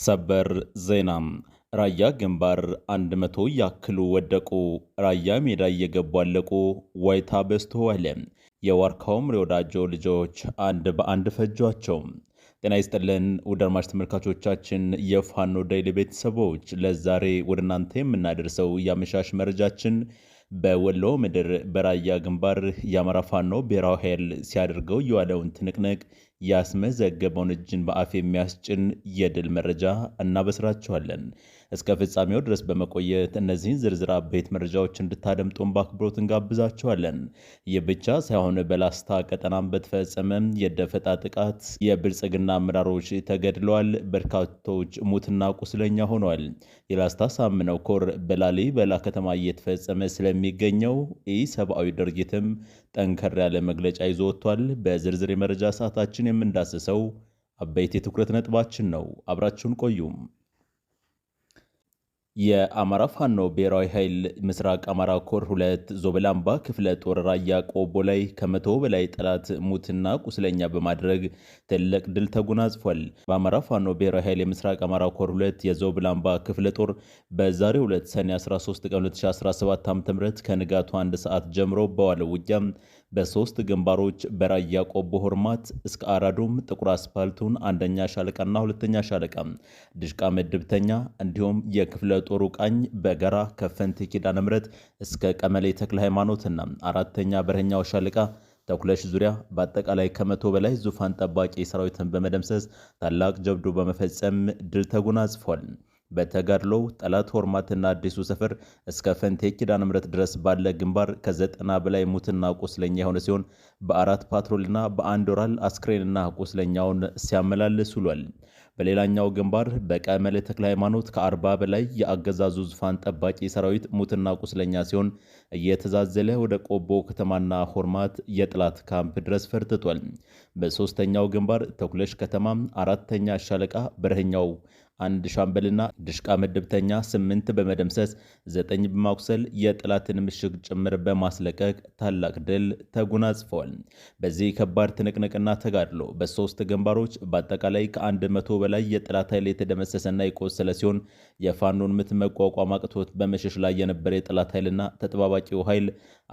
ሰበር ዜና ራያ ግንባር አንድ መቶ ያክሉ ወደቁ። ራያ ሜዳ እየገቡ አለቁ። ዋይታ በዝተዋለ። የዋርካው የዋርካውም ወዳጆ ልጆች አንድ በአንድ ፈጇቸው። ጤና ይስጥልን ውድ አድማጭ ተመልካቾቻችን የፋኖ ዴይሊ ቤተሰቦች፣ ለዛሬ ወደ እናንተ የምናደርሰው የአመሻሽ መረጃችን በወሎ ምድር በራያ ግንባር የአማራ ፋኖ ብሔራዊ ኃይል ሲያደርገው የዋለውን ትንቅንቅ ያስመዘገበውን እጅን በአፍ የሚያስጭን የድል መረጃ እናበስራችኋለን። እስከ ፍጻሜው ድረስ በመቆየት እነዚህን ዝርዝር አበይት መረጃዎች እንድታደምጡን በአክብሮት እንጋብዛችኋለን። ይህ ብቻ ሳይሆን በላስታ ቀጠናም በተፈጸመ የደፈጣ ጥቃት የብልጽግና አመራሮች ተገድለዋል፣ በርካቶች ሙትና ቁስለኛ ሆኗል። የላስታ ሳምነው ኮር በላሊበላ ከተማ እየተፈጸመ ስለሚገኘው ሰብአዊ ድርጊትም ጠንከር ያለ መግለጫ ይዞ ወጥቷል። በዝርዝር የመረጃ ሰዓታችን የምንዳስሰው አበይት የትኩረት ነጥባችን ነው። አብራችሁን ቆዩም። የአማራ ፋኖ ብሔራዊ ኃይል ምስራቅ አማራ ኮር ሁለት ዞበላምባ ክፍለ ጦር ራያ ቆቦ ላይ ከመቶ በላይ ጠላት ሙትና ቁስለኛ በማድረግ ትልቅ ድል ተጎናጽፏል። በአማራ ፋኖ ብሔራዊ ኃይል የምስራቅ አማራ ኮር ሁለት የዞብላምባ ክፍለ ጦር በዛሬው ዕለት ሰኔ 13 ቀን 2017 ዓ.ም ከንጋቱ አንድ ሰዓት ጀምሮ በዋለው ውጊያም በሶስት ግንባሮች በራያ ቆቦ ሆርማት እስከ አራዶም ጥቁር አስፓልቱን አንደኛ ሻለቃና ሁለተኛ ሻለቃ ድሽቃ መድብተኛ እንዲሁም የክፍለ በጦሩ ቃኝ በገራ ከፈንቲ ኪዳነ ምሕረት እስከ ቀመሌ ተክለ ሃይማኖትና አራተኛ በረኛው ሻለቃ ተኩለሽ ዙሪያ በአጠቃላይ ከመቶ በላይ ዙፋን ጠባቂ ሰራዊትን በመደምሰስ ታላቅ ጀብዱ በመፈጸም ድል ተጎናጽፏል። በተጋድሎው ጠላት ሆርማትና አዲሱ ሰፈር እስከ ፈንቴ ኪዳነ ምሕረት ድረስ ባለ ግንባር ከዘጠና በላይ ሙትና ቁስለኛ የሆነ ሲሆን በአራት ፓትሮልና በአንድ ወራል አስክሬንና ቁስለኛውን ሲያመላልስ ውሏል። በሌላኛው ግንባር በቀመሌ ተክለ ሃይማኖት ከአርባ በላይ የአገዛዙ ዙፋን ጠባቂ ሰራዊት ሙትና ቁስለኛ ሲሆን እየተዛዘለ ወደ ቆቦ ከተማና ሆርማት የጥላት ካምፕ ድረስ ፈርትቷል። በሶስተኛው ግንባር ተኩለሽ ከተማ አራተኛ ሻለቃ በረህኛው አንድ ሻምበልና ድሽቃ ምድብተኛ ስምንት በመደምሰስ ዘጠኝ በማቁሰል የጠላትን ምሽግ ጭምር በማስለቀቅ ታላቅ ድል ተጎናጽፈዋል። በዚህ ከባድ ትንቅንቅና ተጋድሎ በሶስት ግንባሮች በአጠቃላይ ከአንድ መቶ በላይ የጠላት ኃይል የተደመሰሰና የቆሰለ ሲሆን የፋኖን ምት መቋቋም አቅቶት በመሸሽ ላይ የነበረ የጠላት ኃይልና ተጠባባቂው ኃይል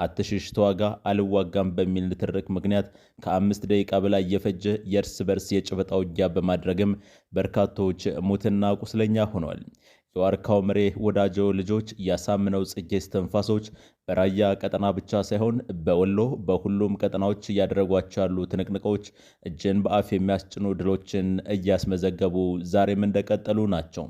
አትሽሽ ተዋጋ አልዋጋም በሚል ንትርክ ምክንያት ከአምስት ደቂቃ በላይ የፈጀ የእርስ በርስ የጭበጣ ውጊያ በማድረግም በርካቶች ሙትና ቁስለኛ ሆኗል። የዋርካው ምሬ ወዳጆ ልጆች ያሳምነው ጽጌ እስትንፋሶች በራያ ቀጠና ብቻ ሳይሆን በወሎ በሁሉም ቀጠናዎች እያደረጓቸው ያሉ ትንቅንቆች እጅን በአፍ የሚያስጭኑ ድሎችን እያስመዘገቡ ዛሬም እንደቀጠሉ ናቸው።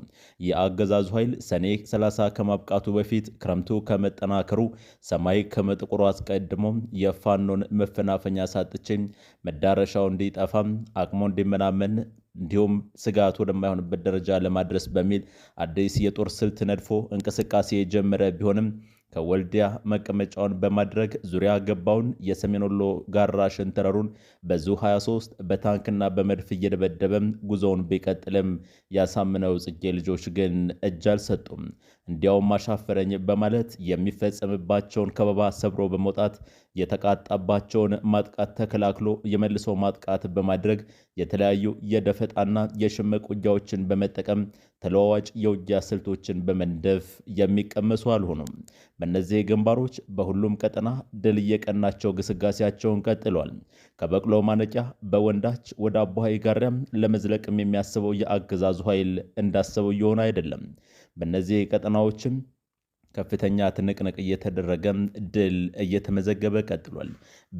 የአገዛዙ ኃይል ሰኔ 30 ከማብቃቱ በፊት ክረምቱ ከመጠናከሩ ሰማይ ከመጥቁሩ አስቀድሞ የፋኖን መፈናፈኛ ሳጥችኝ መዳረሻው እንዲጠፋም አቅሞ እንዲመናመን እንዲሁም ስጋት ወደማይሆንበት ደረጃ ለማድረስ በሚል አዲስ የጦር ስልት ነድፎ እንቅስቃሴ የጀመረ ቢሆንም ከወልዲያ መቀመጫውን በማድረግ ዙሪያ ገባውን የሰሜን ወሎ ጋራ ሸንተረሩን በዙ 23 በታንክና በመድፍ እየደበደበም ጉዞውን ቢቀጥልም ያሳምነው ጽጌ ልጆች ግን እጅ አልሰጡም። እንዲያውም አሻፈረኝ በማለት የሚፈጸምባቸውን ከበባ ሰብሮ በመውጣት የተቃጣባቸውን ማጥቃት ተከላክሎ የመልሶ ማጥቃት በማድረግ የተለያዩ የደፈጣና የሽምቅ ውጊያዎችን በመጠቀም ተለዋዋጭ የውጊያ ስልቶችን በመንደፍ የሚቀመሱ አልሆኑም። በእነዚህ ግንባሮች በሁሉም ቀጠና ድል እየቀናቸው ግስጋሴያቸውን ቀጥሏል። ከበቅሎ ማነቂያ በወንዳች ወደ አቦሃይ ጋሪያም ለመዝለቅም የሚያስበው የአገዛዙ ኃይል እንዳሰበው እየሆነ አይደለም። በእነዚህ ቀጠናዎችም ከፍተኛ ትንቅንቅ እየተደረገ ድል እየተመዘገበ ቀጥሏል።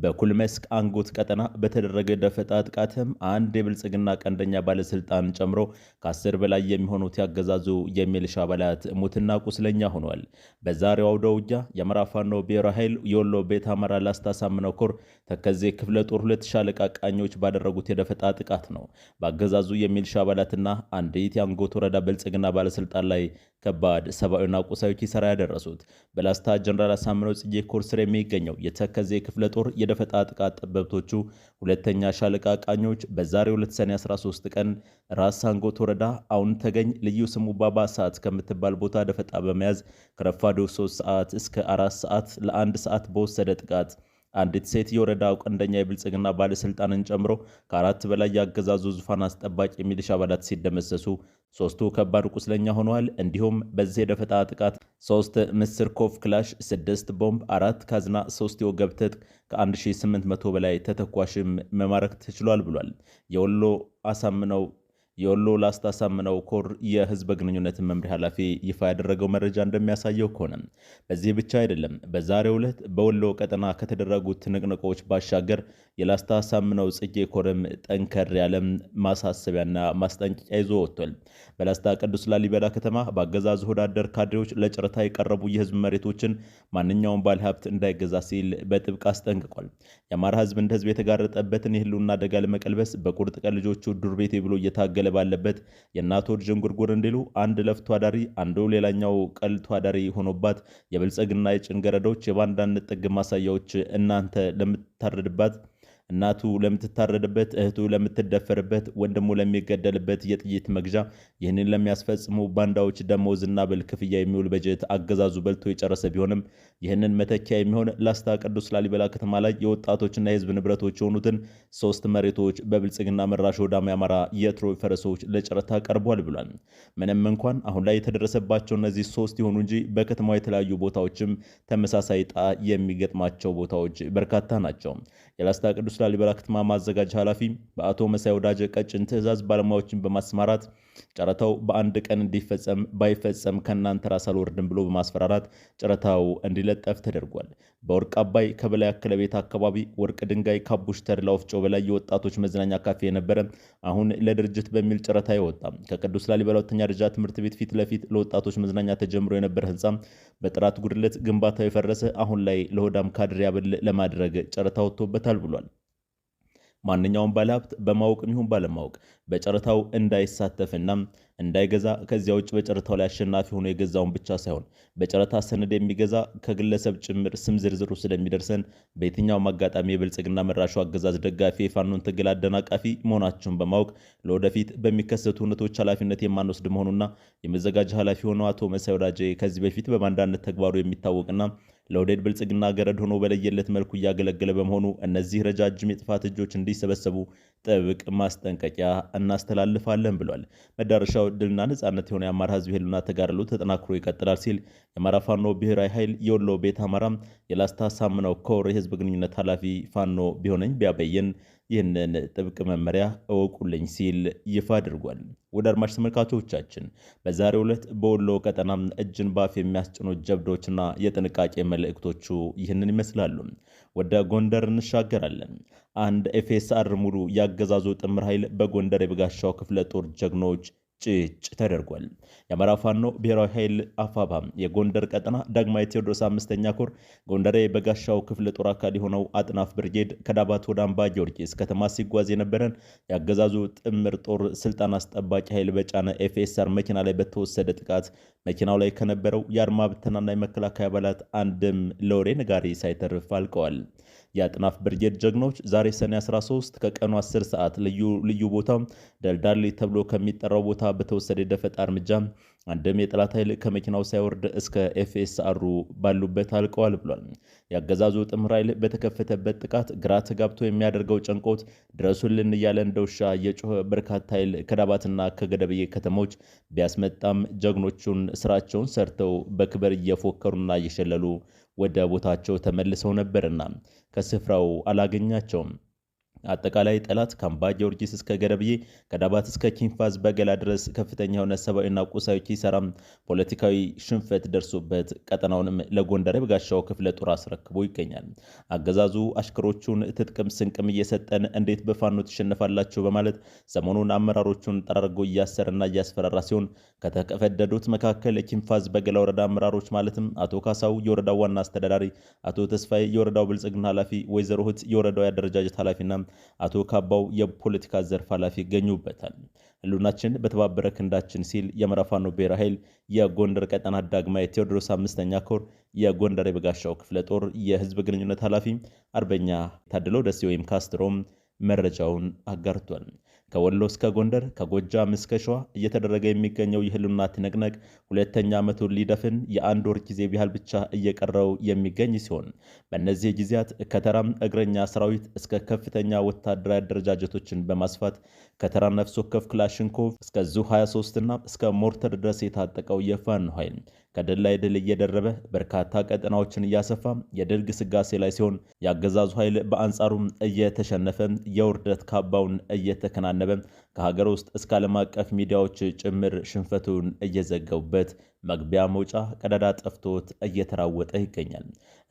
በኩልመስክ አንጎት ቀጠና በተደረገ ደፈጣ ጥቃትም አንድ የብልጽግና ቀንደኛ ባለስልጣን ጨምሮ ከአስር በላይ የሚሆኑት ያገዛዙ የሚልሻ አባላት ሙትና ቁስለኛ ሆኗል። በዛሬው አውደ ውጊያ የአማራ ፋኖ ብሔራዊ ኃይል የወሎ ቤት አማራ ላስታ ሳምነው ኮር ተከዜ ክፍለ ጦር ሁለት ሻለቃ ቃኞች ባደረጉት የደፈጣ ጥቃት ነው በአገዛዙ የሚሊሻ አባላትና አንዲት የአንጎት ወረዳ ብልጽግና ባለስልጣን ላይ ከባድ ሰብአዊና ቁሳዊ ኪሳራ ያደረሱት። በላስታ ጀነራል አሳምነው ጽጌ ኮር ስር የሚገኘው የተከዜ ክፍለ ጦር የደፈጣ ጥቃት ጠበብቶቹ ሁለተኛ ሻለቃ ቃኞች በዛሬ ዕለት ሰኔ 13 ቀን ራስ ሳንጎት ወረዳ አሁን ተገኝ ልዩ ስሙ ባባ ሰዓት ከምትባል ቦታ ደፈጣ በመያዝ ከረፋዶ 3 ሰዓት እስከ 4 ሰዓት ለአንድ ሰዓት በወሰደ ጥቃት አንዲት ሴት የወረዳው ቀንደኛ የብልጽግና ባለስልጣንን ጨምሮ ከአራት በላይ የአገዛዙ ዙፋን አስጠባቂ የሚሊሻ አባላት ሲደመሰሱ ሶስቱ ከባድ ቁስለኛ ሆነዋል። እንዲሁም በዚህ የደፈጣ ጥቃት ሶስት ምስርኮቭ ክላሽ፣ ስድስት ቦምብ፣ አራት ካዝና፣ ሶስት የወገብ ትጥቅ ከ1800 በላይ ተተኳሽም መማረክ ተችሏል ብሏል። የወሎ አሳምነው የወሎ ላስታ ሳምነው ኮር የህዝብ ግንኙነት መምሪያ ኃላፊ ይፋ ያደረገው መረጃ እንደሚያሳየው ከሆነ በዚህ ብቻ አይደለም። በዛሬው ዕለት በወሎ ቀጠና ከተደረጉ ትንቅንቆች ባሻገር የላስታ ሳምነው ጽጌ ኮርም ጠንከር ያለም ማሳሰቢያና ማስጠንቀቂያ ይዞ ወጥቷል። በላስታ ቅዱስ ላሊበላ ከተማ በአገዛዝ ሆዳደር ካድሬዎች ለጨረታ የቀረቡ የህዝብ መሬቶችን ማንኛውም ባለሀብት ሀብት እንዳይገዛ ሲል በጥብቅ አስጠንቅቋል። የአማራ ህዝብ እንደ ህዝብ የተጋረጠበትን የህልውና አደጋ ለመቀልበስ በቁርጥ ቀን ልጆቹ ዱር ቤቴ ብሎ እየታገ መገለብ አለበት። የእናት ልጅን ጉርጉር እንዲሉ አንድ ለፍቶ አዳሪ አንዱ ሌላኛው ቀልቶ አዳሪ ሆኖባት የብልጽግና የጭንገረዶች የባንዳነት ጥግ ማሳያዎች እናንተ ለምታረድባት እናቱ ለምትታረድበት፣ እህቱ ለምትደፈርበት፣ ወንድሙ ለሚገደልበት የጥይት መግዣ ይህንን ለሚያስፈጽሙ ባንዳዎች ደሞዝና ብል ክፍያ የሚውል በጀት አገዛዙ በልቶ የጨረሰ ቢሆንም ይህንን መተኪያ የሚሆን ላስታ ቅዱስ ላሊበላ ከተማ ላይ የወጣቶችና የህዝብ ንብረቶች የሆኑትን ሶስት መሬቶች በብልጽግና መራሽ ወዳም ያማራ የትሮይ ፈረሶች ለጨረታ ቀርቧል ብሏል። ምንም እንኳን አሁን ላይ የተደረሰባቸው እነዚህ ሶስት ይሆኑ እንጂ በከተማ የተለያዩ ቦታዎችም ተመሳሳይ ዕጣ የሚገጥማቸው ቦታዎች በርካታ ናቸው። የላስታ ቅዱስ ላሊበላ ከተማ ማዘጋጀ ኃላፊ በአቶ መሳይ ወዳጀ ቀጭን ትዕዛዝ ባለሙያዎችን በማሰማራት ጨረታው በአንድ ቀን እንዲፈጸም ባይፈጸም ከእናንተ ራስ አልወርድም ብሎ በማስፈራራት ጨረታው እንዲለጠፍ ተደርጓል። በወርቅ አባይ ከበላይ አክለቤት አካባቢ ወርቅ ድንጋይ ካቡሽተር ለወፍጮ በላይ የወጣቶች መዝናኛ ካፌ የነበረ አሁን ለድርጅት በሚል ጨረታ የወጣ ከቅዱስ ላሊበላ ሁለተኛ ደረጃ ትምህርት ቤት ፊት ለፊት ለወጣቶች መዝናኛ ተጀምሮ የነበረ ህንፃ በጥራት ጉድለት ግንባታው የፈረሰ አሁን ላይ ለሆዳም ካድሬ ያበል ለማድረግ ጨረታ ወጥቶበታል ብሏል። ማንኛውም ባለሀብት በማወቅም ይሁን ባለማወቅ በጨረታው እንዳይሳተፍና እንዳይገዛ ከዚያ ውጭ በጨረታው ላይ አሸናፊ ሆኖ የገዛውን ብቻ ሳይሆን በጨረታ ሰነድ የሚገዛ ከግለሰብ ጭምር ስም ዝርዝሩ ስለሚደርሰን በየትኛውም አጋጣሚ የብልጽግና መራሹ አገዛዝ ደጋፊ የፋኖን ትግል አደናቃፊ መሆናቸውን በማወቅ ለወደፊት በሚከሰቱ እውነቶች ኃላፊነት የማንወስድ መሆኑና የመዘጋጃ ኃላፊ ሆነው አቶ መሳይ ወዳጀ ከዚህ በፊት በባንዳነት ተግባሩ የሚታወቅና ለወደድ ብልጽግና ገረድ ሆኖ በለየለት መልኩ እያገለገለ በመሆኑ እነዚህ ረጃጅም የጥፋት እጆች እንዲሰበሰቡ ጥብቅ ማስጠንቀቂያ እናስተላልፋለን ብሏል። መዳረሻው ድልና ነጻነት የሆነ የአማራ ህዝብ ህልና ተጋድሎ ተጠናክሮ ይቀጥላል ሲል የአማራ ፋኖ ብሔራዊ ኃይል የወሎ ቤት አማራ የላስታ ሳምነው ኮር የህዝብ ግንኙነት ኃላፊ ፋኖ ቢሆነኝ ቢያበየን ይህንን ጥብቅ መመሪያ እወቁልኝ ሲል ይፋ አድርጓል። ወደ አድማጭ ተመልካቾቻችን በዛሬው ዕለት በወሎ ቀጠና እጅን ባፍ የሚያስጭኑ ጀብዶችና የጥንቃቄ መልእክቶቹ ይህንን ይመስላሉ። ወደ ጎንደር እንሻገራለን። አንድ ኤፌስአር ሙሉ ያገዛዙ ጥምር ኃይል በጎንደር የበጋሻው ክፍለ ጦር ጀግኖች ጭጭ ተደርጓል። የአማራ ፋኖ ብሔራዊ ኃይል አፋባ የጎንደር ቀጠና ዳግማዊ ቴዎድሮስ አምስተኛ ኮር ጎንደሬ በጋሻው ክፍለ ጦር አካል የሆነው አጥናፍ ብርጌድ ከዳባት ወደ አምባ ጊዮርጊስ ከተማ ሲጓዝ የነበረን የአገዛዙ ጥምር ጦር ስልጣን አስጠባቂ ኃይል በጫነ ኤፍኤስአር መኪና ላይ በተወሰደ ጥቃት መኪናው ላይ ከነበረው የአድማ ብተናና የመከላከያ አባላት አንድም ለወሬ ነጋሪ ሳይተርፍ አልቀዋል። የአጥናፍ ብርጌድ ጀግኖች ዛሬ ሰኔ 13 ከቀኑ 10 ሰዓት ልዩ ልዩ ቦታ ደልዳሌ ተብሎ ከሚጠራው ቦታ በተወሰደ የደፈጣ እርምጃ አንድም የጠላት ኃይል ከመኪናው ሳይወርድ እስከ ኤፍኤስአሩ ባሉበት አልቀዋል ብሏል። የአገዛዙ ጥምር ኃይል በተከፈተበት ጥቃት ግራ ተጋብቶ የሚያደርገው ጨንቆት ድረሱልን እያለ እንደ ውሻ የጮኸ በርካታ ኃይል ከዳባትና ከገደብዬ ከተሞች ቢያስመጣም ጀግኖቹን ስራቸውን ሰርተው በክብር እየፎከሩና እየሸለሉ ወደ ቦታቸው ተመልሰው ነበርና ከስፍራው አላገኛቸውም። አጠቃላይ ጠላት ከአምባ ጊዮርጊስ እስከ ገረብዬ ከዳባት እስከ ኪንፋዝ በገላ ድረስ ከፍተኛ የሆነ ሰብአዊና ቁሳዊ ኪሳራም ፖለቲካዊ ሽንፈት ደርሶበት ቀጠናውንም ለጎንደር የበጋሻው ክፍለ ጦር አስረክቦ ይገኛል። አገዛዙ አሽከሮቹን ትጥቅም ስንቅም እየሰጠን እንዴት በፋኖ ትሸነፋላችሁ በማለት ሰሞኑን አመራሮቹን ጠራርጎ እያሰረና እያስፈራራ ሲሆን ከተፈደዱት መካከል ኪንፋዝ በገላ ወረዳ አመራሮች ማለትም አቶ ካሳው የወረዳው ዋና አስተዳዳሪ፣ አቶ ተስፋዬ የወረዳው ብልጽግና ኃላፊ፣ ወይዘሮ እህት የወረዳው የአደረጃጀት ኃላፊና አቶ ካባው የፖለቲካ ዘርፍ ኃላፊ ይገኙበታል። ህሉናችን በተባበረ ክንዳችን ሲል የአማራ ፋኖ ብሔራዊ ኃይል የጎንደር ቀጠና ዳግማ የቴዎድሮስ አምስተኛ ኮር የጎንደር የበጋሻው ክፍለ ጦር የህዝብ ግንኙነት ኃላፊ አርበኛ ታድለው ደሴ ወይም ካስትሮም መረጃውን አጋርቷል። ከወሎ እስከ ጎንደር ከጎጃም እስከ ሸዋ እየተደረገ የሚገኘው የህልውና ትንቅንቅ ሁለተኛ ዓመቱን ሊደፍን የአንድ ወር ጊዜ ያህል ብቻ እየቀረው የሚገኝ ሲሆን በእነዚህ ጊዜያት ከተራም እግረኛ ሰራዊት እስከ ከፍተኛ ወታደራዊ አደረጃጀቶችን በማስፋት ከተራ ነፍስ ወከፍ ክላሽንኮቭ እስከ ዙ 23 እና እስከ ሞርተር ድረስ የታጠቀው የፋኖ ኃይል ከድል ላይ ድል እየደረበ በርካታ ቀጠናዎችን እያሰፋ የድል ግስጋሴ ላይ ሲሆን፣ የአገዛዙ ኃይል በአንጻሩም እየተሸነፈ የውርደት ካባውን እየተከናነበ ከሀገር ውስጥ እስከ ዓለም አቀፍ ሚዲያዎች ጭምር ሽንፈቱን እየዘገቡበት መግቢያ መውጫ ቀዳዳ ጠፍቶት እየተራወጠ ይገኛል።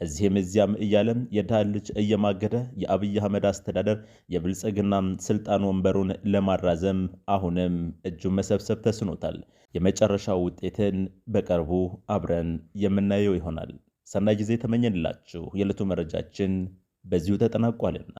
እዚህም እዚያም እያለ የድሃ ልጅ እየማገደ የአብይ አህመድ አስተዳደር የብልጽግና ስልጣን ወንበሩን ለማራዘም አሁንም እጁን መሰብሰብ ተስኖታል። የመጨረሻው ውጤትን በቅርቡ አብረን የምናየው ይሆናል። ሰናይ ጊዜ ተመኘንላችሁ። የዕለቱ መረጃችን በዚሁ ተጠናቋልና